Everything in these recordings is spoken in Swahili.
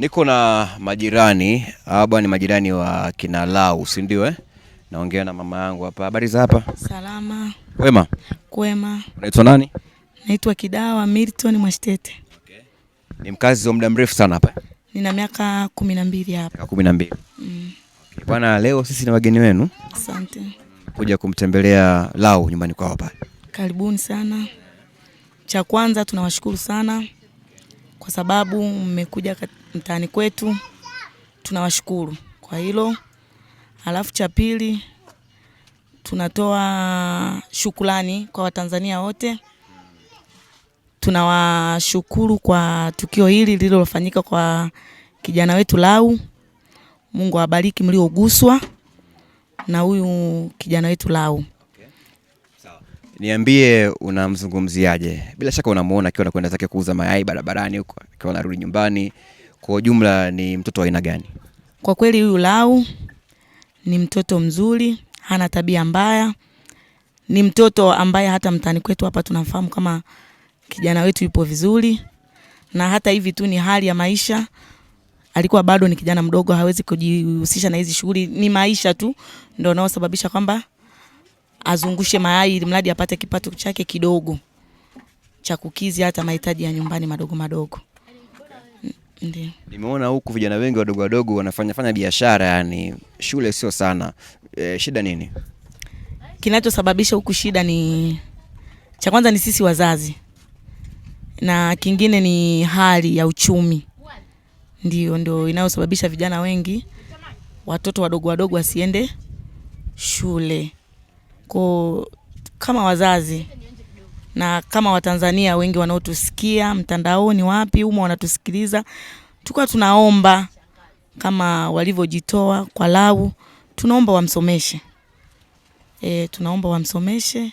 Niko na majirani hapa, ni majirani wa kina Lau, si ndio eh? Naongea na mama yangu hapa. Habari za hapa? Salama. Kwema? Kwema. Unaitwa nani? Naitwa Kidawa Milton Mwashtete. Okay. Ni mkazi wa muda mrefu sana hapa. Nina miaka kumi na mbili hapa. Kumi na mbili. Mm. Okay. Bwana, leo sisi ni wageni wenu. Asante. Kuja kumtembelea Lau nyumbani kwao hapa. Karibuni sana. Cha kwanza tunawashukuru sana kwa sababu mmekuja kat mtaani kwetu, tunawashukuru kwa hilo. Alafu cha pili tunatoa shukrani kwa Watanzania wote, tunawashukuru kwa tukio hili lililofanyika kwa kijana wetu Lau. Mungu awabariki mlioguswa na huyu kijana wetu Lau. Niambie unamzungumziaje? Bila shaka unamuona akiwa anakwenda zake kuuza mayai barabarani huko, akiwa anarudi nyumbani kwa ujumla ni mtoto wa aina gani? Kwa kweli huyu Lau ni mtoto mzuri, hana tabia mbaya, ni mtoto ambaye hata mtani kwetu hapa tunamfahamu kama kijana wetu yupo vizuri, na hata hivi tu ni hali ya maisha. Alikuwa bado ni kijana mdogo, hawezi kujihusisha na hizi shughuli, ni maisha tu ndio unaosababisha kwamba azungushe mayai ili mradi apate kipato chake kidogo cha kukizi hata mahitaji ya nyumbani madogo madogo. Ndiyo. Nimeona huku vijana wengi wadogo wadogo wanafanya fanya biashara yani shule sio sana. E, shida nini? Kinachosababisha huku shida ni cha kwanza ni sisi wazazi na kingine ni hali ya uchumi, ndio ndio inayosababisha vijana wengi watoto wadogo wadogo wasiende shule. Kwa kama wazazi na kama Watanzania wengi wanaotusikia mtandaoni, wapi humo wanatusikiliza, tulikuwa tunaomba kama walivyojitoa kwa lau, tunaomba wamsomeshe e, tunaomba wamsomeshe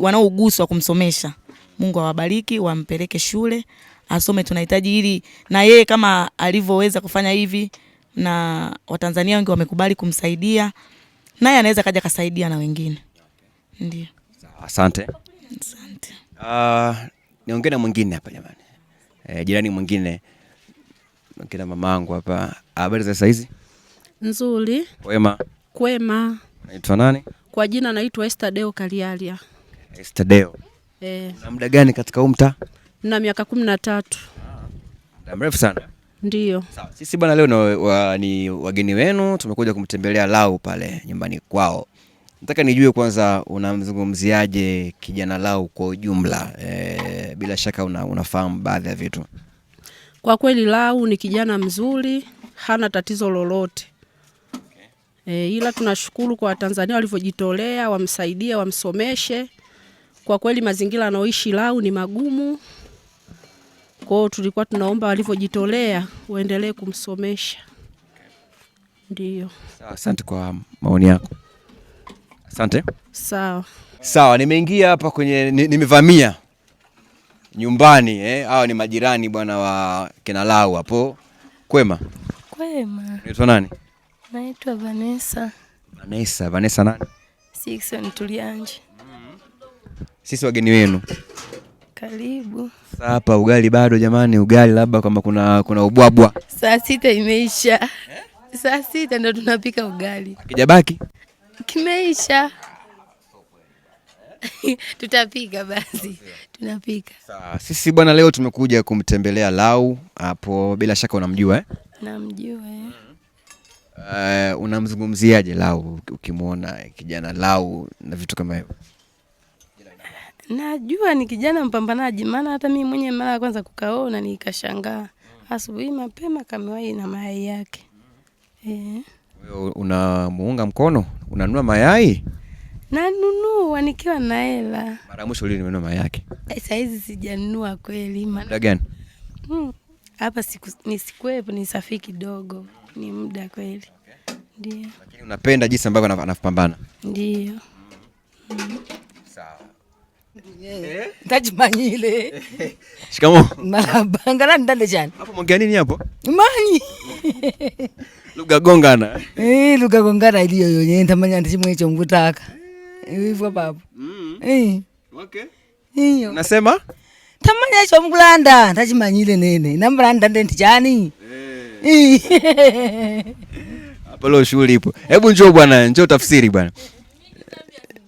wanaoguswa kumsomesha. Mungu awabariki, wampeleke shule asome, tunahitaji ili na yeye kama alivyoweza kufanya hivi, na Watanzania wengi wamekubali kumsaidia, naye anaweza kaja kasaidia na wengine. Ndio, asante. Asante. Uh, niongee na mwingine hapa jamani. Eh, jirani mwingine mama mamangu hapa. Habari za saizi? Nzuri. Kwema. Kwema. Naitwa nani? Kwa jina naitwa Deo Kalialia. Deo. Eh. Na muda gani katika huu mtaa? Na miaka kumi na tatu. Ah, muda mrefu sana. Ndio. Sawa. Sisi bwana leo ni wageni wenu tumekuja kumtembelea Lau pale nyumbani kwao nataka nijue kwanza unamzungumziaje kijana Lau kwa ujumla e, bila shaka una, unafahamu baadhi ya vitu. Kwa kweli Lau ni kijana mzuri, hana tatizo lolote e, ila tunashukuru kwa Watanzania walivyojitolea, wamsaidie, wamsomeshe. Kwa kweli mazingira anaoishi Lau ni magumu, kwao tulikuwa tunaomba walivyojitolea waendelee kumsomesha. Ndiyo, asante kwa maoni yako. Asante. Sawa. Sawa, nimeingia hapa kwenye nimevamia nyumbani eh. Hawa ni majirani bwana wa Kinalau hapo. Kwema? Kwema. Unaitwa nani? Naitwa Vanessa. Vanessa, Vanessa nani? Sixon Tulianje. Mm. Sisi wageni wenu. Karibu. Sasa hapa ugali bado jamani, ugali labda kama kuna kuna ubwabwa. Saa sita imeisha. Eh? Saa sita ndo tunapika ugali. Akijabaki? kimeisha. Tutapika basi, tunapika. Sawa, sisi bwana, leo tumekuja kumtembelea Lau hapo, bila shaka unamjua eh? Namjua eh. Uh, unamzungumziaje Lau ukimwona kijana Lau na vitu kama hivyo? Najua ni kijana mpambanaji, maana hata mimi mwenye mara ya kwanza kukaona nikashangaa, asubuhi mapema kamewahi na mayai yake eh. Unamuunga mkono? Unanunua mayai? Nanunua nikiwa na hela. Mara mwisho lini umenunua mayai yake? Eh, Saizi sijanunua kweli. Muda gani? Hmm. Hapa siku ni safi kidogo. Ni muda kweli. Ndio. Lakini unapenda jinsi ambavyo anapambana? Ndio. Hmm. Sawa. Ntajimanyile. Shikamoo. Marhaba. Ngana ndale jani. Hapo mongea nini hapo? Mani. Lugha gongana. Eh, lugha gongana iliyo yonye ntamanya ndichimwe icho ngutaka. Eh, hivyo mm-hmm. Eh. Okay. Hiyo. Unasema? Tamanya icho mkulanda ntajimanyile nene. Namlanda nde ndijani? Eh. eh. Hapo lo shughuli ipo. Hebu njoo bwana, njoo tafsiri bwana.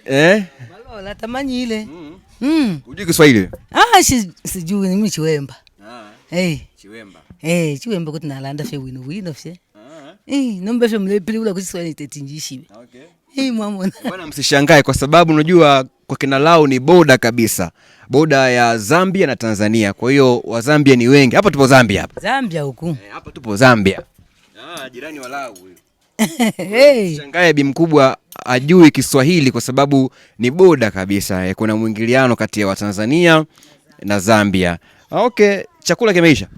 Eh? Balola tamanyile. Mm. Mm-hmm. Mm. Kiswahili? Ah, si sijui ni mimi Chiwemba. Ah. Eh. Chiwemba. Eh, Chiwemba kuti na landa fe wino wino fe. Ah. Eh, nombe fe mlepili ula kuti Kiswahili tetinjishi. Ah, okay. Eh, mwamona. Bwana msishangae kwa sababu unajua kwa kina lao ni boda kabisa, boda ya Zambia na Tanzania. Kwa hiyo wa Zambia ni wengi hapa. Tupo Zambia hapa, Zambia huku eh, hapa, e, tupo Zambia. Ah, jirani wa lao huyo. Shangaye bi mkubwa ajui Kiswahili kwa sababu ni boda kabisa. Eh, kuna mwingiliano kati ya Watanzania na Zambia. Ah, okay, chakula kimeisha.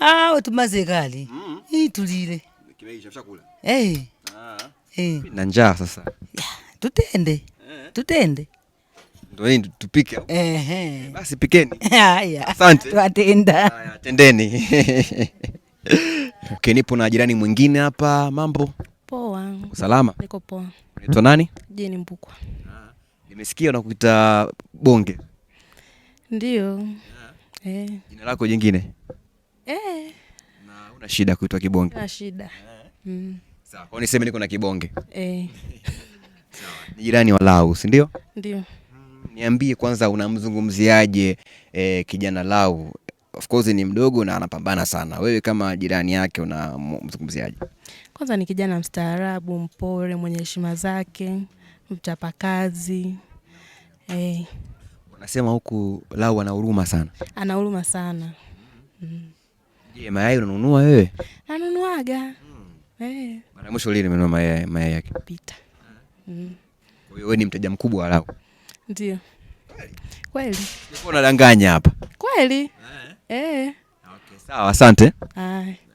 Ah, tumaze gali. Mm. Mm-hmm. Hii tulile. Kimeisha chakula. Eh. Hey. Ah. Hey. Eh. Na njaa sasa. Tutende. Eh. Tutende. Ndio nini tupike hapo? Eh eh. Basi pikeni. Haya. Asante. Tuatenda. Haya, tendeni. Okay, nipo na jirani mwingine hapa. Mambo poa? Salama, niko poa. Unaitwa nani? Jeni Mbukwa. Ah, nimesikia unakuita Bonge. Ndio. Ah. Eh. Jina lako jingine eh? Na una shida kuitwa Kibonge? Na shida. Eh. Mm. Sawa, kwa niseme niko na Kibonge eh. Ni jirani wa Lau, si ndio? Ndio. Mm, niambie kwanza unamzungumziaje eh, kijana Lau of course ni mdogo na anapambana sana. Wewe kama jirani yake unamzungumziaje? Kwanza ni kijana mstaarabu, mpole, mwenye heshima zake, mchapakazi hey. Eh. Unasema huku lau ana huruma sana, ana huruma sana mm. mayai unanunua wewe? Nanunuaga mm. hey. Eh. Mara mwisho lini umenunua mayai, mayai yake? Pita mm. wewe ni mteja mkubwa wa lau? Ndio. Kweli? Nadanganya hapa kweli? Eh. Eh. Okay, sawa, asante. Ah.